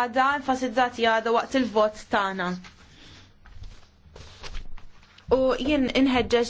għada enfasizzati għada waqt il-vot tagħna. U jien inħeġġeġ